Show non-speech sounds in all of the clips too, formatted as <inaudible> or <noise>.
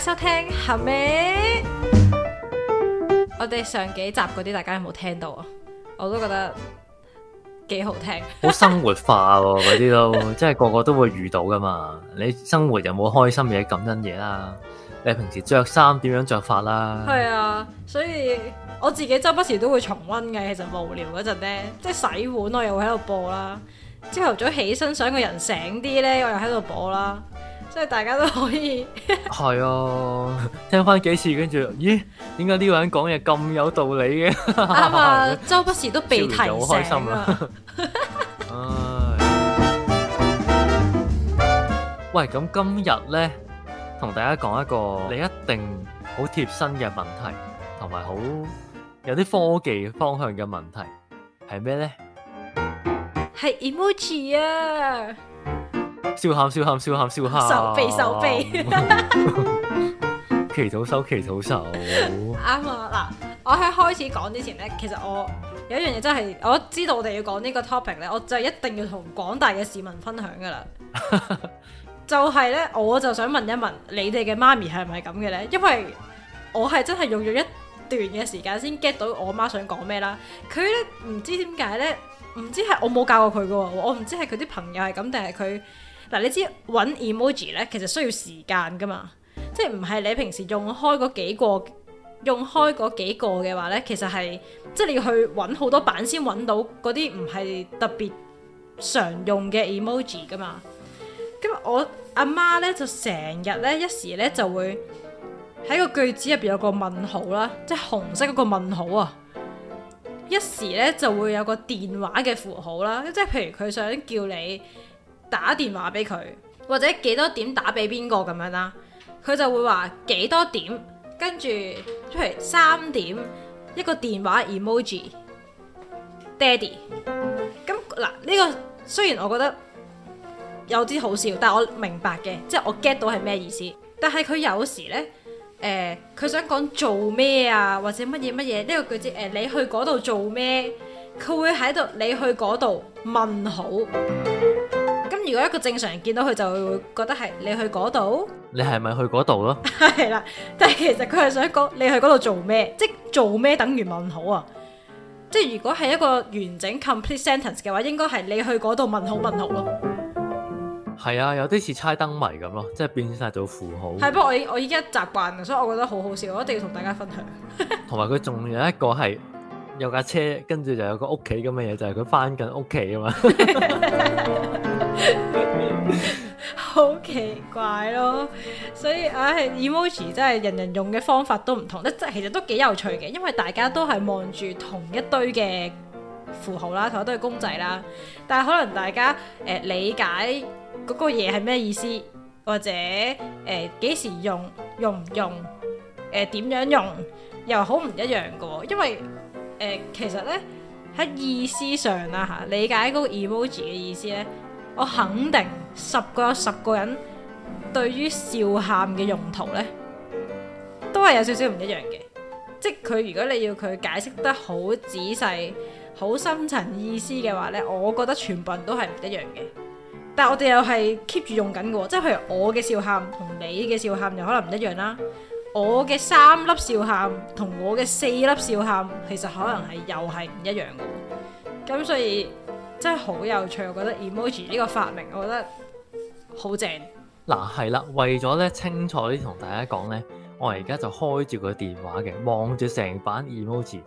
收聽後尾，我哋上幾集嗰啲，大家有冇聽到啊？我都覺得幾好聽， <laughs> 好生活化喎、啊，嗰啲都即係個個都會遇到噶嘛。你生活有冇開心嘢、感恩嘢啦、啊？你平時着衫點樣着法啦、啊？係啊，所以我自己周不時都會重溫嘅。其實無聊嗰陣咧，即係洗碗我又會喺度播啦。朝頭早起身想個人醒啲咧，我又喺度播啦。即係大家都可以，係啊，聽翻幾次，跟住，咦，點解呢個人講嘢咁有道理嘅？阿阿周不時都被提醒。笑到好開心啊！唉，喂，咁今日咧，同大家講一個你一定好貼身嘅問題，同埋好有啲科技方向嘅問題，係咩咧？係 emoji 啊！笑喊笑喊笑喊笑喊，手臂手臂，祈禱手祈禱手，啱啊嗱！我喺開始講之前呢，其實我有一樣嘢真係我知道我哋要講呢個 topic 呢，我就一定要同廣大嘅市民分享噶啦， <laughs> 就係呢，我就想問一問你哋嘅媽咪係唔係咁嘅呢？因為我係真係用咗一段嘅時間先 get 到我媽想講咩啦。佢呢，唔知點解呢，唔知係我冇教過佢噶，我唔知係佢啲朋友係咁定係佢。嗱、啊，你知揾 emoji 咧，其實需要時間噶嘛，即係唔係你平時用開嗰幾個用開嗰幾個嘅話呢，其實係即係你要去揾好多版先揾到嗰啲唔係特別常用嘅 emoji 噶嘛。咁我阿媽、啊、呢，就成日呢，一時呢就會喺個句子入邊有個問號啦，即係紅色嗰個問號啊，一時呢就會有個電話嘅符號啦，即係譬如佢想叫你，打電話俾佢，或者幾多點打俾邊個咁樣啦？佢就會話幾多點，跟住譬如三點一個電話 emoji，Daddy。咁嗱呢個雖然我覺得有啲好笑，但係我明白嘅，即係我 get 到係咩意思。但係佢有時呢，誒、呃、佢想講做咩啊，或者乜嘢乜嘢呢個句子誒、呃，你去嗰度做咩？佢會喺度你去嗰度問好。如果一個正常人見到佢就會覺得係你去嗰度，你係咪去嗰度咯？係啦， <laughs> 但係其實佢係想講你去嗰度做咩？即係做咩等於問號啊！即係如果係一個完整 complete sentence 嘅話，應該係你去嗰度問號問號咯。係啊，有啲似猜燈謎咁咯，即係變晒做符號。係不過我已經我依家習慣，所以我覺得好好笑，我一定要同大家分享。同埋佢仲有一個係。有架車，跟住就有個屋企咁嘅嘢，就係佢翻緊屋企啊嘛，好奇怪咯。所以唉，emoji 真係人人用嘅方法都唔同，咧，即係其實都幾有趣嘅，因為大家都係望住同一堆嘅符號啦，同一堆公仔啦，但係可能大家誒理解嗰個嘢係咩意思，或者誒幾時用、用唔用、誒點樣用，又好唔一樣嘅，因為。其實呢，喺意思上啦吓，理解嗰個 emoji 嘅意思呢，我肯定十個有十個人對於笑喊嘅用途呢，都係有少少唔一樣嘅。即係佢如果你要佢解釋得好仔細、好深層意思嘅話呢，我覺得全部人都係唔一樣嘅。但係我哋又係 keep 住用緊嘅，即係譬如我嘅笑喊同你嘅笑喊又可能唔一樣啦。我嘅三粒笑喊同我嘅四粒笑喊，其實可能係又係唔一樣嘅。咁所以真係好有趣，我覺得 emoji 呢個發明，我覺得好正。嗱係啦，為咗咧清楚啲同大家講咧，我而家就開住個電話嘅，望住成版 emoji，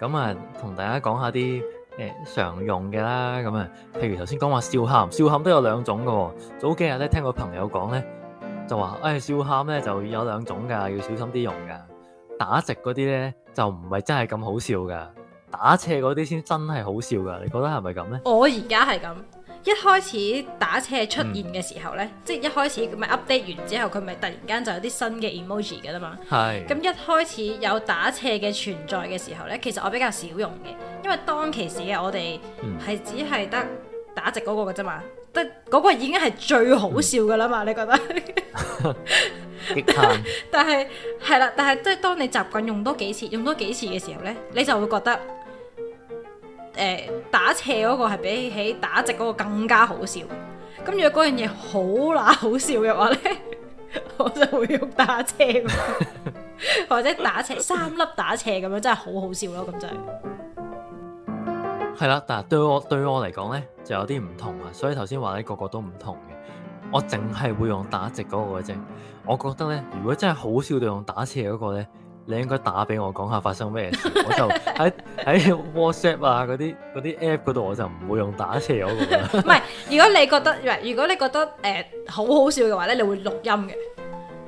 咁、嗯、啊同大家講下啲誒、呃、常用嘅啦。咁、嗯、啊，譬如頭先講話笑喊，笑喊都有兩種㗎喎、哦。早幾日咧聽個朋友講咧。就話誒、哎、笑喊咧就有兩種噶要小心啲用噶打直嗰啲咧就唔係真係咁好笑噶打斜嗰啲先真係好笑噶你覺得係咪咁咧？我而家係咁，一開始打斜出現嘅時候咧，嗯、即係一開始咁咪 update 完之後，佢咪突然間就有啲新嘅 emoji 噶啦嘛。係是。咁一開始有打斜嘅存在嘅時候咧，其實我比較少用嘅，因為當其時嘅我哋係只係得打直嗰個噶啫嘛。即嗰個已經係最好笑嘅啦嘛，你覺得？ <laughs> <laughs> 但係係啦，但係即係當你習慣用多幾次、用多幾次嘅時候呢，你就會覺得誒、呃、打斜嗰個係比起打直嗰個更加好笑。咁如果樣嘢好乸好笑嘅話呢， <laughs> 我就會用打斜， <laughs> 或者打斜三粒打斜咁樣，真係好好笑咯，咁就係。係啦，但係對我對我嚟講咧就有啲唔同啊，所以頭先話咧個個都唔同嘅。我淨係會用打直嗰個嘅啫。我覺得咧，如果真係好笑到用打斜嗰個咧，你應該打俾我講下發生咩事， <laughs> 我就喺喺 WhatsApp 啊嗰啲啲 App 嗰度，我就唔會用打斜嗰個。唔係，如果你覺得，喂、呃，如果你覺得誒好好笑嘅話咧，你會錄音嘅，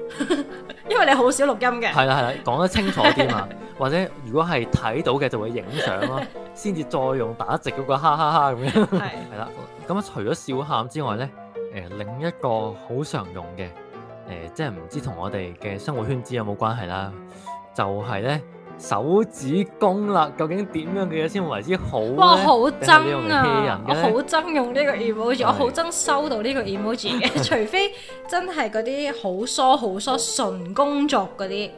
<laughs> 因為你好少錄音嘅。係啦係啦，講、啊、得清楚啲嘛。或者如果係睇到嘅就會影相咯，先至 <laughs> 再用打直嗰個哈哈哈咁樣，係啦。咁、嗯、啊除咗笑喊之外咧，誒、呃、另一個好常用嘅誒、呃，即係唔知同我哋嘅生活圈子有冇關係啦，就係、是、咧手指公啦。究竟點樣嘅嘢先為之好咧？哇，好憎啊！人我好憎用呢個 emoji， <laughs> 我好憎收到呢個 emoji 嘅，除非真係嗰啲好疏好疏純工作嗰啲，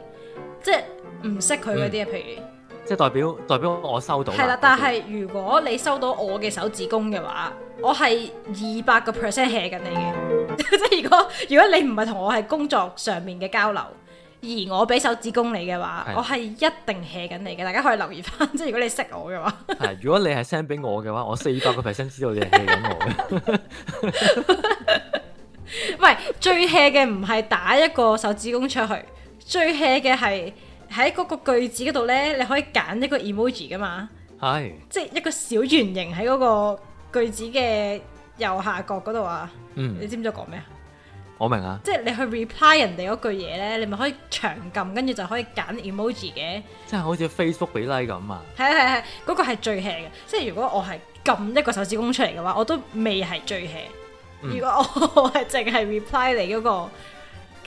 即係。唔識佢嗰啲啊，譬如，嗯、即係代表代表我收到係啦，但係如果你收到我嘅手指公嘅話，我係二百個 percent 卸緊你嘅。 <laughs> 即係如果如果你唔係同我係工作上面嘅交流，而我俾手指公你嘅話，的我係一定卸緊你嘅。大家可以留意翻，即係如果你識我嘅話，係 <laughs> 如果你係 send 俾我嘅話，我四百個 percent 知道你係 <laughs> 卸緊我嘅。唔係最卸嘅唔係打一個手指公出去，最卸嘅係喺嗰個句子嗰度呢，你可以揀一個 emoji 噶嘛？係，Hi. 即係一個小圓形喺嗰個句子嘅右下角嗰度啊。嗯，你知唔知講咩啊？我明啊，即係你去 reply 人哋嗰句嘢呢，你咪可以長撳，跟住就可以揀 emoji 嘅。即係好似 Facebook 俾 like 咁啊？係係係，嗰個係最輕嘅。即係如果我係撳一個手指公出嚟嘅話，我都未係最輕。Mm. 如果我係淨係 reply 你嗰、嗰個誒、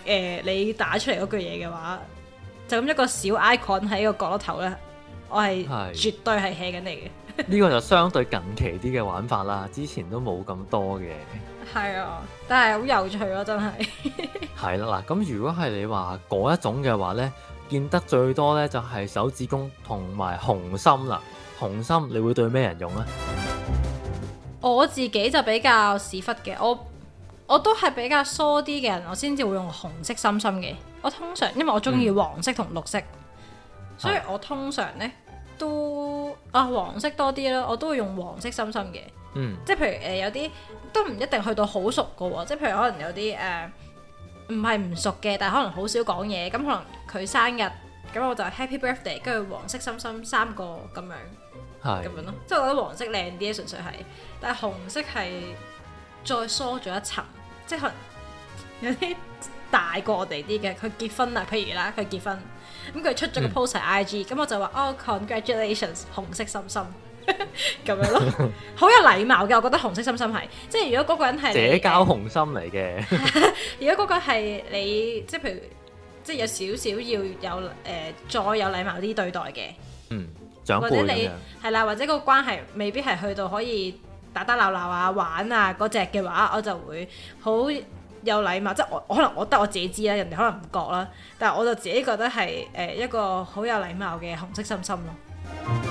呃，你打出嚟嗰句嘢嘅話，就咁一個小 icon 喺個角落頭咧，我係是絕對係 hea 緊你嘅。呢 <laughs> 個就相對近期啲嘅玩法啦，之前都冇咁多嘅。係啊，但係好有趣咯、啊，真係。係啦嗱，咁如果係你話嗰一種嘅話咧，見得最多咧就係手指公同埋紅心啦。紅心你會對咩人用咧？我自己就比較屎忽嘅，我。我都係比較疏啲嘅人，我先至會用紅色心心嘅。我通常因為我中意黃色同綠色，嗯、所以我通常呢都啊黃色多啲啦。我都會用黃色心心嘅，嗯、即係譬如、呃、有啲都唔一定去到好熟噶、哦，即係譬如可能有啲誒唔係唔熟嘅，但係可能好少講嘢咁，可能佢生日咁我就 Happy Birthday，跟住黃色心心三個咁樣，係咁、嗯、樣咯，即係我覺得黃色靚啲啊，純粹係，但係紅色係再疏咗一層。即係有啲大過我哋啲嘅，佢結婚啦，譬如啦，佢結婚，咁佢出咗個 post 喺 IG，咁、嗯、我就話哦，congratulations，紅色心心咁樣咯， <laughs> 好有禮貌嘅，我覺得紅色心心係，即係如果嗰個人係社交紅心嚟嘅，如果嗰個係你，即係譬如，即係有少少要有誒、呃，再有禮貌啲對待嘅，嗯，或者你係這樣 啦，或者個關係未必係去到可以。打打鬧鬧啊玩啊嗰隻嘅話，我就會好有禮貌，即係我，我可能我得我自己知啦，人哋可能唔覺啦，但係我就自己覺得係誒一個好有禮貌嘅紅色心心咯。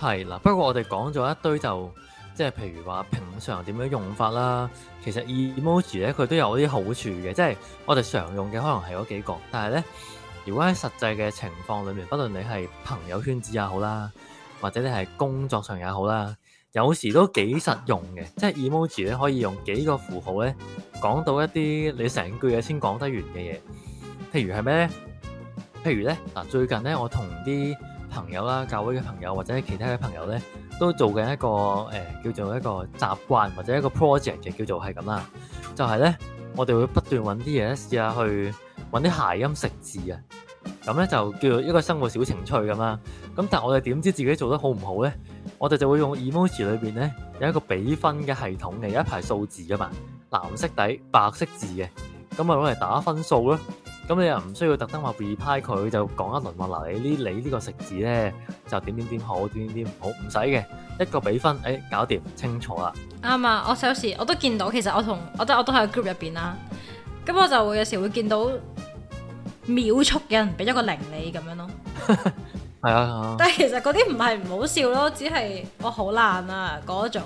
係啦、嗯嗯 <noise> 啊，不過我哋講咗一堆就即係譬如話平常點樣用法啦，其實 emoji 咧佢都有啲好處嘅，即係我哋常用嘅可能係嗰幾個，但係咧。如果喺實際嘅情況裏面，不論你係朋友圈子也好啦，或者你係工作上也好啦，有時都幾實用嘅。即係 emoji 咧，可以用幾個符號咧，講到一啲你成句嘢先講得完嘅嘢。譬如係咩咧？譬如咧，嗱，最近咧，我同啲朋友啦、教會嘅朋友或者其他嘅朋友咧，都做緊一個誒、呃、叫做一個習慣或者一個 project 嘅叫做係咁啦，就係、是、咧，我哋會不斷揾啲嘢試下去。揾啲諧音食字啊，咁咧就叫做一個生活小情趣咁啦。咁但係我哋點知自己做得好唔好咧？我哋就會用 emoji 裏邊咧有一個比分嘅系統嘅，有一排數字噶嘛，藍色底白色字嘅，咁啊攞嚟打分數咯。咁你又唔需要特登話 reply 佢就講一輪話，嗱你呢你呢個食字咧就點點點好，點點點唔好，唔使嘅一個比分，誒、欸、搞掂清楚啦。啱啊，我有時我都見到，其實我同我即係我都喺 group 入邊啦，咁我就會有時會見到。秒速嘅人俾咗個零你咁樣咯，係 <laughs> 啊！啊但係其實嗰啲唔係唔好笑咯，只係我好懶啊，嗰種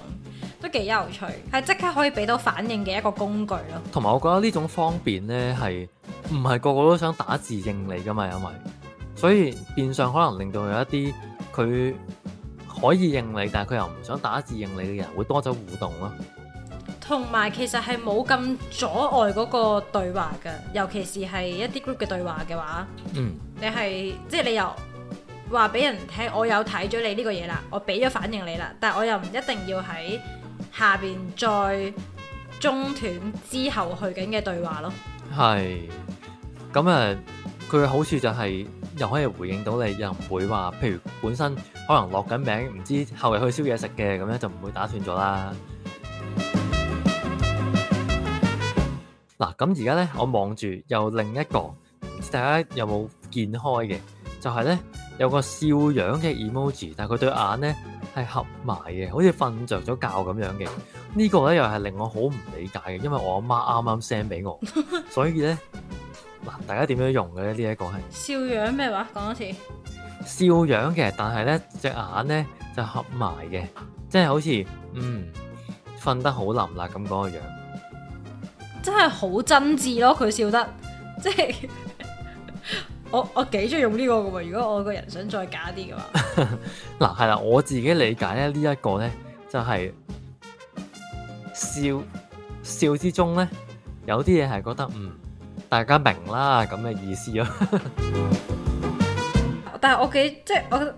都幾有趣，係即刻可以俾到反應嘅一個工具咯。同埋我覺得呢種方便呢，係唔係個個都想打字應你噶嘛，因為所以變相可能令到有一啲佢可以應你，但係佢又唔想打字應你嘅人會多咗互動咯。同埋，其實係冇咁阻礙嗰個對話嘅，尤其是係一啲 group 嘅對話嘅話，嗯、你係即係你又話俾人聽，我有睇咗你呢個嘢啦，我俾咗反應你啦，但係我又唔一定要喺下邊再中斷之後去緊嘅對話咯。係咁誒，佢嘅好處就係又可以回應到你，又唔會話，譬如本身可能落緊名，唔知後日去宵夜食嘅咁樣，就唔會打斷咗啦。嗱，咁而家咧，我望住又另一個，唔知大家有冇見開嘅，就係咧有個笑樣嘅 emoji，但係佢對眼咧係合埋嘅，好似瞓着咗覺咁樣嘅。呢個咧又係令我好唔理解嘅，因為我阿媽啱啱 send 俾我， <laughs> 所以咧嗱，大家點樣用嘅咧？呢一個係笑樣咩話？講多次笑樣嘅，但係咧隻眼咧就合埋嘅，即係好似 <noise> 嗯瞓得好冧啦咁嗰個樣。真係好真摯咯！佢笑得，即係我我幾中意用呢個㗎嘛。如果我個人想再假啲嘅話，嗱係 <laughs> 啦，我自己理解咧，這個、呢一個咧就係、是、笑笑之中咧，有啲嘢係覺得嗯，大家明啦咁嘅意思咯、啊。 <laughs> 但係我幾即係我嗰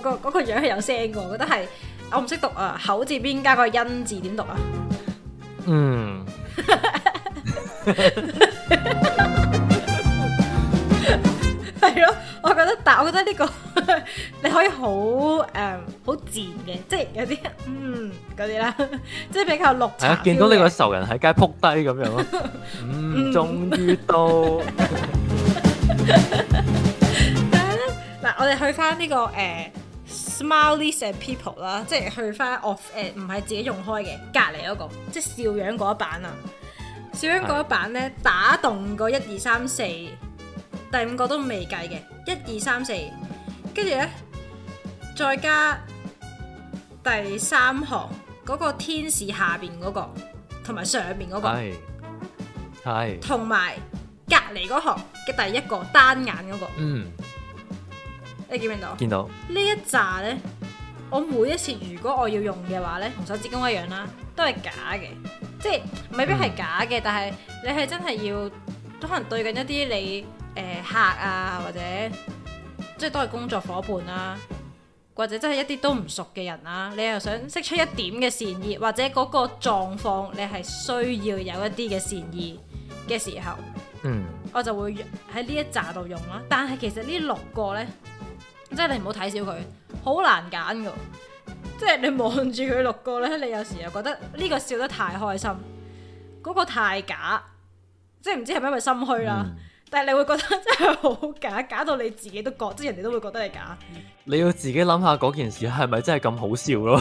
個嗰個樣係有聲嘅，我覺得係、嗯那個那個、我唔識讀啊，口字邊加個恩字點讀啊？嗯。係咯， <laughs> <laughs> <laughs> 我覺得但我覺得呢、呢個 <laughs> 你可以好誒，好、嗯、賤嘅，即係有啲嗯嗰啲啦，即係比較綠茶。係啊，見到呢個仇人喺街撲低咁樣咯，嗯 <laughs> 嗯、終於到。但係咧，嗱，我哋去翻呢個誒。呃 Smileys and People 啦、呃，即係去翻 off 誒，唔係自己用開嘅，隔離嗰個，即係笑樣嗰一版啊！笑樣嗰一版咧，打動個一二三四，第五個都未計嘅，一二三四，跟住咧再加第三行嗰、那個天使下邊嗰、那個，同埋上面嗰、那個，係，同埋隔離嗰行嘅第一個單眼嗰、那個，嗯。你見唔見，見到呢一扎呢，我每一次如果我要用嘅話呢，同手指公一樣啦，都係假嘅，即係未必係假嘅。嗯、但係你係真係要都可能對緊一啲你誒、呃、客啊，或者即係都係工作伙伴啦、啊，或者真係一啲都唔熟嘅人啊，你又想釋出一點嘅善意，或者嗰個狀況你係需要有一啲嘅善意嘅時候，嗯，我就會喺呢一扎度用啦、啊。但係其實呢六個呢。即係你唔好睇小佢，好難揀㗎。即係你望住佢六個咧，你有時又覺得呢個笑得太開心，嗰、嗰個太假，即係唔知係咪因為心虛啦。嗯、但係你會覺得真係好假，假到你自己都覺，即係人哋都會覺得你假。你要自己諗下嗰件事係咪真係咁好笑咯？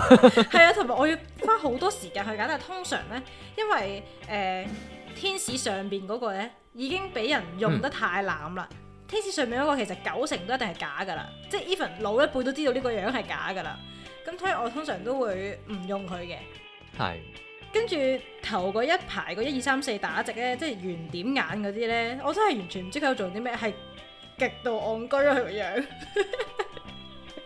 係 <laughs> 啊，同埋我要花好多時間去揀，但係通常咧，因為誒、呃、天使上邊嗰個咧已經俾人用得太濫啦。嗯嗯。天使上面嗰個其實九成都一定係假噶啦，即係 even 老一輩都知道呢個樣係假噶啦。咁所以我通常都會唔用佢嘅。係是。跟住頭嗰一排嗰一二三四打直咧，即係圓點眼嗰啲咧，我真係完全唔知佢做啲咩，係極度戇居啊，佢個樣。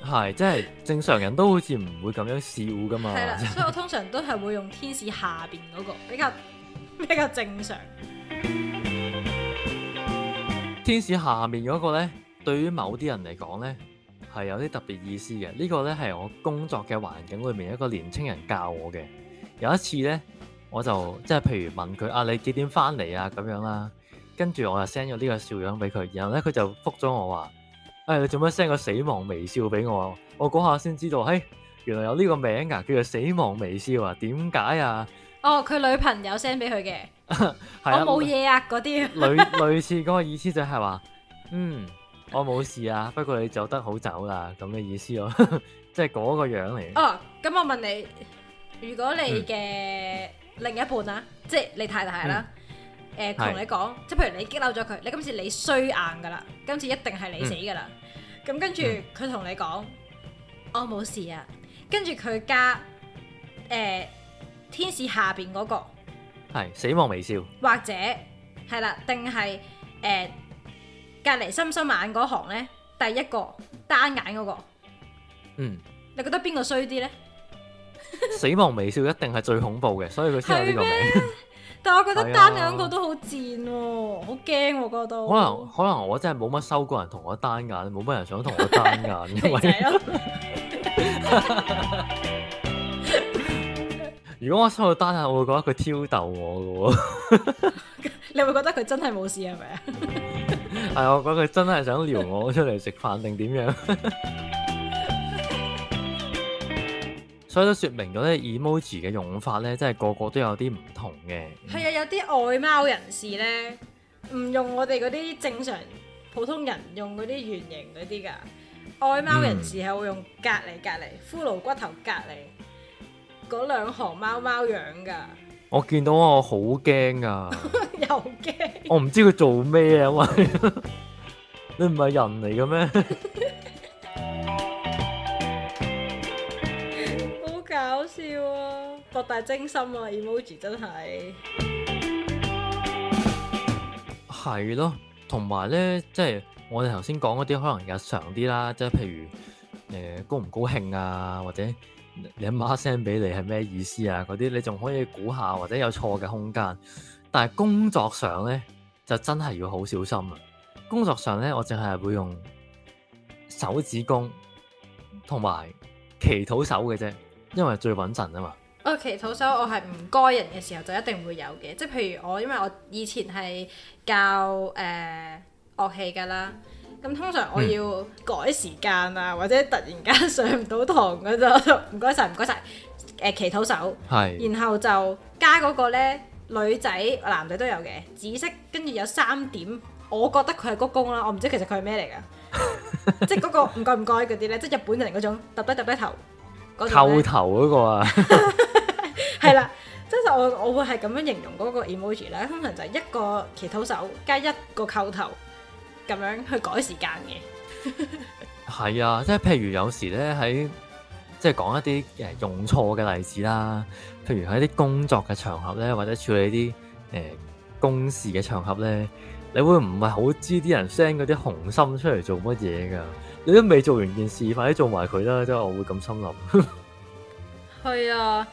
係， <laughs> 即係正常人都好似唔會咁樣笑噶嘛。係啦， <laughs> 所以我通常都係會用天使下邊嗰、嗰個比較比較正常。天使下面嗰個呢，對於某啲人嚟講呢，係有啲特別意思嘅。呢個呢，係、這個、我工作嘅環境裏面一個年青人教我嘅。有一次呢，我就即係譬如問佢啊，你幾點翻嚟啊咁樣啦，跟住我就 send 咗呢個笑樣俾佢，然後呢，佢就覆咗我話：誒、哎、你做咩 send 個死亡微笑俾我？我嗰下先知道，嘿、哎，原來有呢個名㗎、啊，叫做死亡微笑啊？點解啊？哦，佢女朋友 send 俾佢嘅。我冇嘢啊！嗰啲、啊、類類似嗰個意思就係話， <laughs> 嗯，我冇事啊。不過你走得好走啦、啊，咁嘅意思咯， <laughs> 即係嗰個樣嚟。哦，咁我問你，如果你嘅另一半啊，嗯、即係你太太啦、啊，誒同、嗯呃、你講，即係譬如你激嬲咗佢，你今次你衰硬噶啦，今次一定係你死噶啦。咁、嗯、跟住佢同你講，嗯、我冇事啊。跟住佢加，誒、呃，天使下邊嗰、嗰個。係死亡微笑，或者係啦，定係誒隔籬深深眼嗰行咧，第一個單眼嗰、嗰個，嗯，你覺得邊個衰啲咧？ <laughs> 死亡微笑一定係最恐怖嘅，所以佢先有呢個名。但係我覺得單眼、啊嗰個都好賤喎，好驚我覺得。可能可能我真係冇乜收過人同我單眼，冇乜人想同我單眼。 <laughs> <laughs> 如果我收到單下，我會覺得佢挑逗我噶喎。你會，會覺得佢真係冇事係咪啊？係我覺得佢真係想撩我出嚟食飯定點樣？ <laughs> <laughs> <laughs> <laughs> 所以都説明咗咧，emoji 嘅用法咧，真係個，個個都有啲唔同嘅。係啊，有啲愛貓人士咧，唔用我哋嗰啲正常普通人用嗰啲圓形嗰啲㗎。愛貓人士係會用隔離、隔離、骷髏骨頭隔離。嗰兩行貓貓樣噶，我見到我好驚噶，又驚，我唔知佢做咩啊！喂 <laughs> 你唔係人嚟嘅咩？ <laughs> 好搞笑啊！博大精深啊！emoji 真係，係咯，同埋咧，即係、就是、我哋頭先講嗰啲可能日常啲啦，即、就、係、是、譬如誒、呃、高唔高興啊，或者。你阿媽 send 俾你係咩意思啊？嗰啲你仲可以估下，或者有錯嘅空間。但係工作上咧，就真係要好小心啊！工作上咧，我淨係會用手指公同埋祈禱手嘅啫，因為最穩陣啊嘛。哦，祈禱手我係唔該人嘅時候就一定會有嘅，即係譬如我因為我以前係教誒樂器噶啦。咁通常我要改時間啊，或者突然間上唔到堂嘅，就唔該曬，唔該曬。誒，祈禱手，係。然後就加嗰個咧，女仔、男仔都有嘅，紫色。跟住有三點，我覺得佢係鞠躬啦。我唔知其實佢係咩嚟噶，即係嗰個唔該唔該嗰啲咧，即係日本人嗰種揼低揼低頭嗰種咧。叩頭嗰個啊，係啦，即係我我會係咁樣形容嗰個 emoji 咧，通常就係一個祈禱手加一個叩頭。咁樣去改時間嘅，係啊，即係譬如有時咧喺即係講一啲誒用錯嘅例子啦，譬如喺啲工作嘅場合咧，或者處理啲誒、呃、公事嘅場合咧，你會唔係好知啲人 send 嗰啲紅心出嚟做乜嘢噶。你都未做完件事，快啲做埋佢啦！即係我會咁心諗。係啊，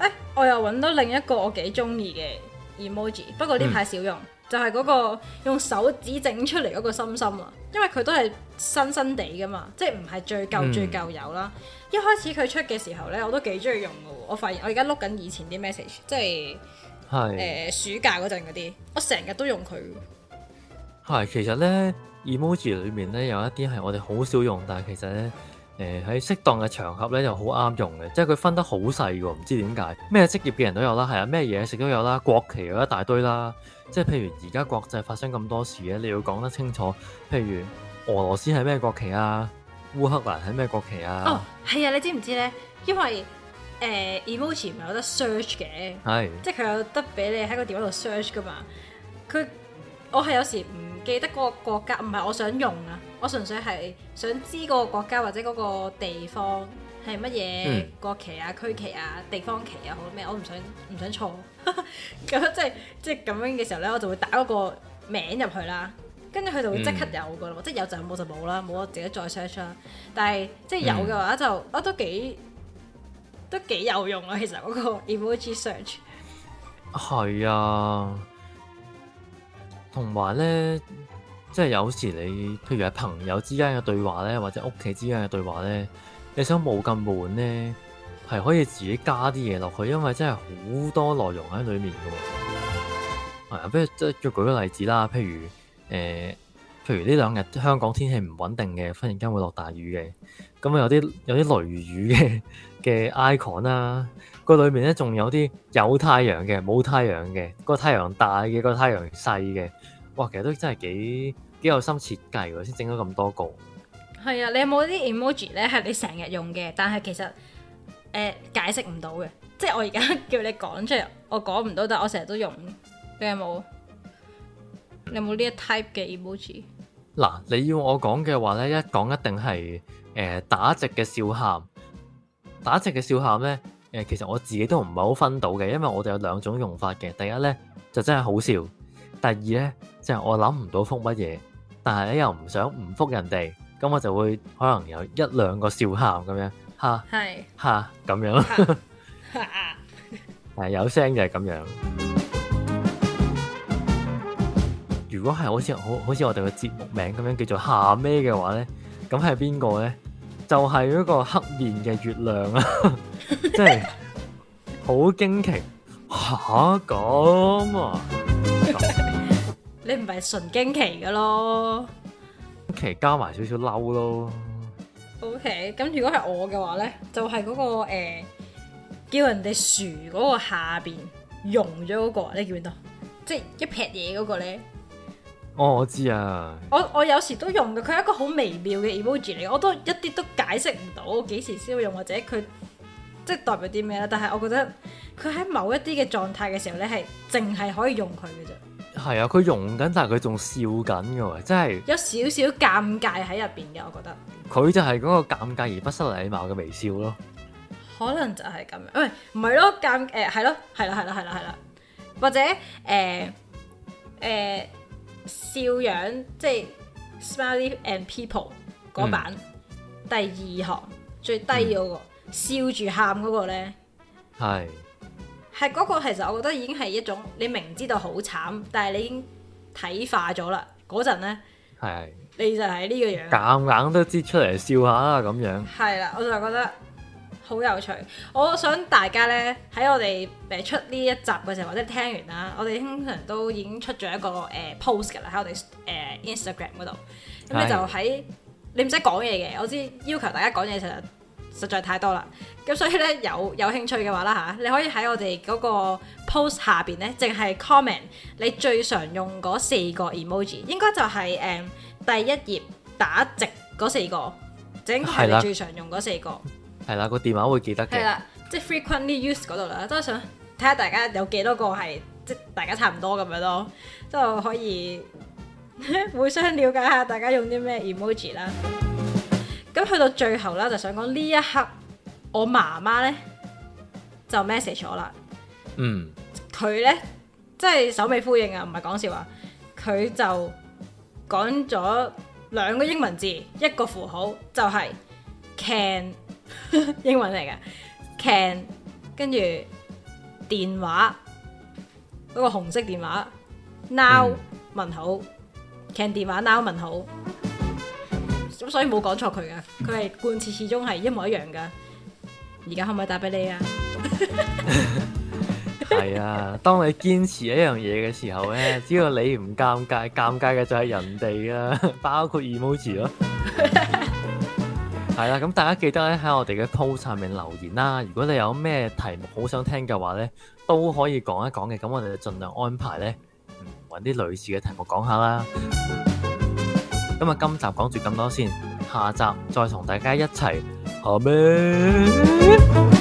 誒、欸，我又搵到另一個我幾中意嘅 emoji，不過呢排少用，嗯。就係嗰個用手指整出嚟嗰個心心啊，因為佢都係新新地㗎嘛，即係唔係最舊最舊有啦。嗯、一開始佢出嘅時候呢，我都幾鍾意用嘅。我發現我而家碌緊以前啲 message，即係誒是、呃、暑假嗰陣嗰啲，我成日都用佢。係其實呢 emoji 裏面呢有一啲係我哋好少用，但係其實呢誒喺、呃、適當嘅場合呢又好啱用嘅，即係佢分得好細喎，唔知點解咩職業嘅人都有啦，係啊咩嘢食都有啦，國旗嗰一大堆啦。即係譬如而家國際發生咁多事咧，你要講得清楚。譬如俄羅斯係咩國旗啊，烏克蘭係咩國旗啊？哦，係啊，你知唔知咧？因為誒、呃、emoji 唔係有得 search 嘅，係是即係佢有得俾你喺個電話度 search 噶嘛。佢我係有時唔記得嗰個國家，唔係我想用啊，我純粹係想知嗰個國家或者嗰個地方。係乜嘢國旗啊、區旗啊、地方旗啊，好咩？我唔想唔想錯咁、 <laughs> 即係即係、樣，即係即係咁樣嘅時候咧，我就會打嗰個名入去啦，跟住佢就會、嗯、即刻有噶啦，即係有就冇就冇啦，冇啊自己再 search 啦。但係即係有嘅話就、嗯、啊，都幾都幾有用啊！其實嗰個 emoji search 係啊，同埋咧，即係有時你，譬如喺朋友之間嘅對話咧，或者屋企之間嘅對話咧。你想冇咁悶咧，係可以自己加啲嘢落去，因為真係好多內容喺裡面嘅。係啊，不如即係再舉個例子啦，譬如誒、呃，譬如呢兩日香港天氣唔穩定嘅，忽然間會落大雨嘅，咁啊有啲有啲雷雨嘅嘅 <laughs> icon 啦、啊，個裏面咧仲有啲有太陽嘅、冇太陽嘅，個太陽大嘅、個太陽細嘅，哇，其實都真係幾幾有心設計喎，先整咗咁多個。係啊，你有冇啲 emoji 咧？係你成日用嘅，但係其實誒解釋唔到嘅，即係我而家叫你講出嚟，我講唔到，但係我成日都用。你有冇？你有冇呢一 type 嘅 emoji？嗱，你要我講嘅話咧，一講一定係誒打直嘅笑喊，打直嘅笑喊咧。誒，其實我自己都唔係好分到嘅，因為我哋有兩種用法嘅。第一咧就真係好笑，第二咧就係我諗唔到覆乜嘢，但係咧又唔想唔覆人哋。咁我就會可能有一兩個笑喊咁樣，吓吓咁樣咯，係有聲就係咁樣。如果係好似好好似我哋個節目名咁樣叫做喊咩嘅話咧，咁係邊個咧？就係一個黑面嘅月亮啊，即係好驚奇吓咁啊！你唔係純驚奇噶咯？其加埋少少嬲咯。O K，咁如果係我嘅話咧，就係嗰個欸叫人哋薯嗰個下邊溶咗嗰個，你見唔見到？即係一撇嘢嗰個咧。哦，我知啊。我我有時都用嘅，佢係一個好微妙嘅 emoji 嚟，我都一啲都解釋唔到幾時先會用或者佢即係代表啲咩咧。但係我覺得佢喺某一啲嘅狀態嘅時候咧，係淨係可以用佢嘅啫。係啊，佢用緊，但係佢仲笑緊嘅喎，真係有少少尷尬喺入邊嘅，我覺得。佢就係嗰個尷尬而不失禮貌嘅微笑咯。可能就係咁樣，喂，唔係咯，尷誒係、呃、咯，係啦係啦係啦係啦，或者誒誒、呃、笑樣，即係 smiley and people 嗰版、嗯、第二行最低嗰個、嗯、笑住喊嗰個咧。係。係嗰、那個，其實我覺得已經係一種你明知道好慘，但係你已經睇化咗啦。嗰陣咧，係的你就係呢個樣，夾硬，硬都擠出嚟笑下啦咁樣。係啦，我就覺得好有趣。我想大家咧喺我哋誒出呢一集嘅時候，或者聽完啦，我哋通常都已經出咗一個誒、呃、post 嘅啦喺我哋誒、呃、Instagram 嗰度。咁你就喺的你唔使講嘢嘅，我知要求大家講嘢其實。實在太多啦，咁所以呢，有有興趣嘅話啦吓，你可以喺我哋嗰個 post 下邊呢，淨係 comment 你最常用嗰四個 emoji，應該就係誒第一頁打直嗰四個，就了應該係你最常用嗰四個。係啦，個電話會記得嘅。係啦，即係 frequently used 嗰度啦，都想睇下大家有幾多個係，即係大家差唔多咁樣咯，都可以 <laughs> 互相了解下大家用啲咩 emoji 啦。咁去到最後啦，就想講呢一刻，我媽媽咧就 message 咗啦。嗯。佢咧即係首尾呼應啊，唔係講笑話。佢就講咗兩個英文字，一個符號，就係、是、can <laughs> 英文嚟嘅 can，跟住電話嗰、那個紅色電話 now、嗯、問號 can 電話 now 問號。咁所以冇講錯佢噶，佢係貫徹始終係一模一樣噶。而家可唔可以打俾你啊？係 <laughs> <laughs> 啊，當你堅持一樣嘢嘅時候咧，只要你唔尷尬， <laughs> 尷尬嘅就係人哋啊，包括 emoji 咯。係 <laughs> 啦、 <laughs> <laughs> 啊，咁大家記得咧，喺我哋嘅 post 下面留言啦、啊。如果你有咩題目好想聽嘅話咧，都可以講一講嘅。咁我哋就盡量安排咧，揾啲類似嘅題目講下啦。今日今集講住咁多先，下集再同大家一齊學咩。